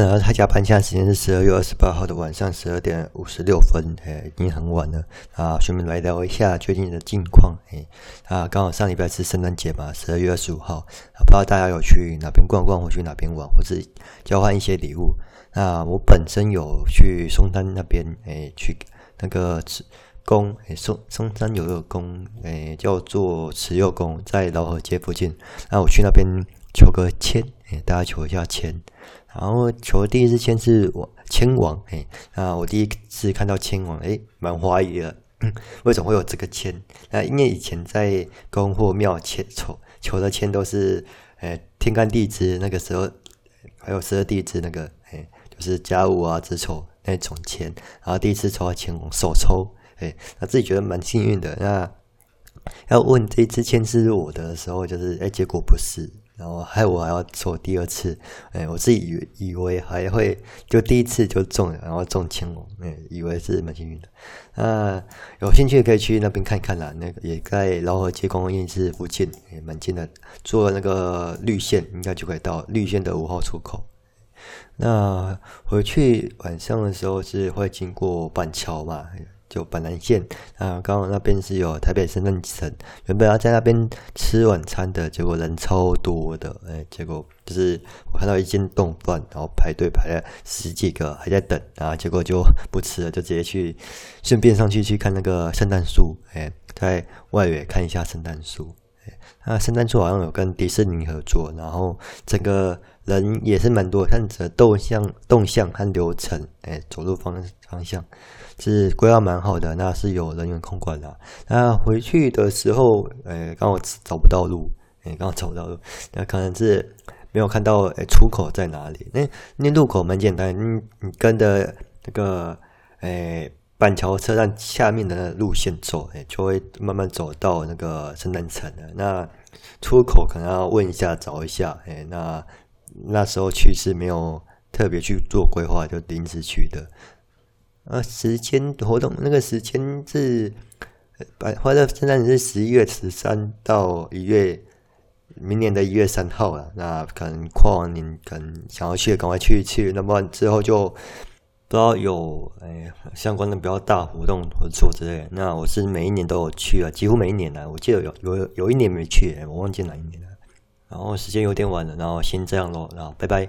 然後他家現在時間是十二月二十八號的晚上十二點五十六分，哎、欸，已經很晚了啊。順便來聊一下最近的近況，誒、欸，啊，剛好上禮拜是聖誕節嘛，十二月二十五號，不知道大家有去哪邊逛逛，或去哪邊玩，或是交換一些禮物。那、啊、我本身有去松山那邊，誒、欸，去那個慈宮，誒、欸，松松山有個宮，誒、欸，叫做慈祐宮，在饒河街附近。那、啊、我去那邊。求個籤，哎，大家求一下籤，然後求第一次籤是我籤王。哎，那我第一次看到籤王，哎，蠻懷疑的，嗯，為什麼會有這個籤？那因為以前在宮或廟籤抽，求的籤都是，哎，天干地支那個時候，還有十二地支那個，哎，就是甲午啊乙丑、那種籤，然後第一次抽到籤王，手抽，哎，那自己覺得蠻幸運的。那要問這一次籤是我的，的時候，就是，哎，結果不是。然後害我還要做第二次，哎，我自己以以為還會就第一次就中，然後中青龍，哎，以為是蠻幸運的。那有興趣可以去那邊看看啦，那個也在饒河街工業區附近，也蠻近的。坐那個綠線應該就可以到綠線的五號出口。那回去晚上的時候是會經過板橋嘛？就板南線啊，剛好那邊是有台北聖誕城，原本要在那邊吃晚餐的，結果人超多的，哎、欸，結果就是我看到一間丼飯，然後排隊排了十幾個還在等，啊，結果就不吃了，就直接去順便上去去看那個聖誕樹，哎、欸，在外圍看一下聖誕樹。哎、那聖誕樹好像有跟迪士尼合作，然後整個人也是蠻多，看着動向動向和流程，誒、哎，走路方向方向是規劃蠻好的，那是有人員控管的。那回去的時候，誒、哎，剛好找不到路，誒、哎，剛好找不到路，那可能是沒有看到誒、哎，出口在哪裡。那那入口蠻簡單，你你跟着那個誒。哎板橋車站下面的路線走，欸，就會慢慢走到那個聖誕城。那出口可能要問一下，找一下，欸，那那時候去是沒有特別去做規劃，就臨時去的。呃、啊，時間活動那個時間是，或者現在是十一月十三到一月，明年的一月三號了。那可能，跨年，可能想要去，趕快去去。那麼之後就。不知道有誒相關的比較大活動或做之類的，那我是每一年都有去啊，幾乎每一年來、啊，我記得有有有，有一年沒去，我忘記哪一年了、啊。然後時間有點晚了，然後先這樣咯，然後拜拜。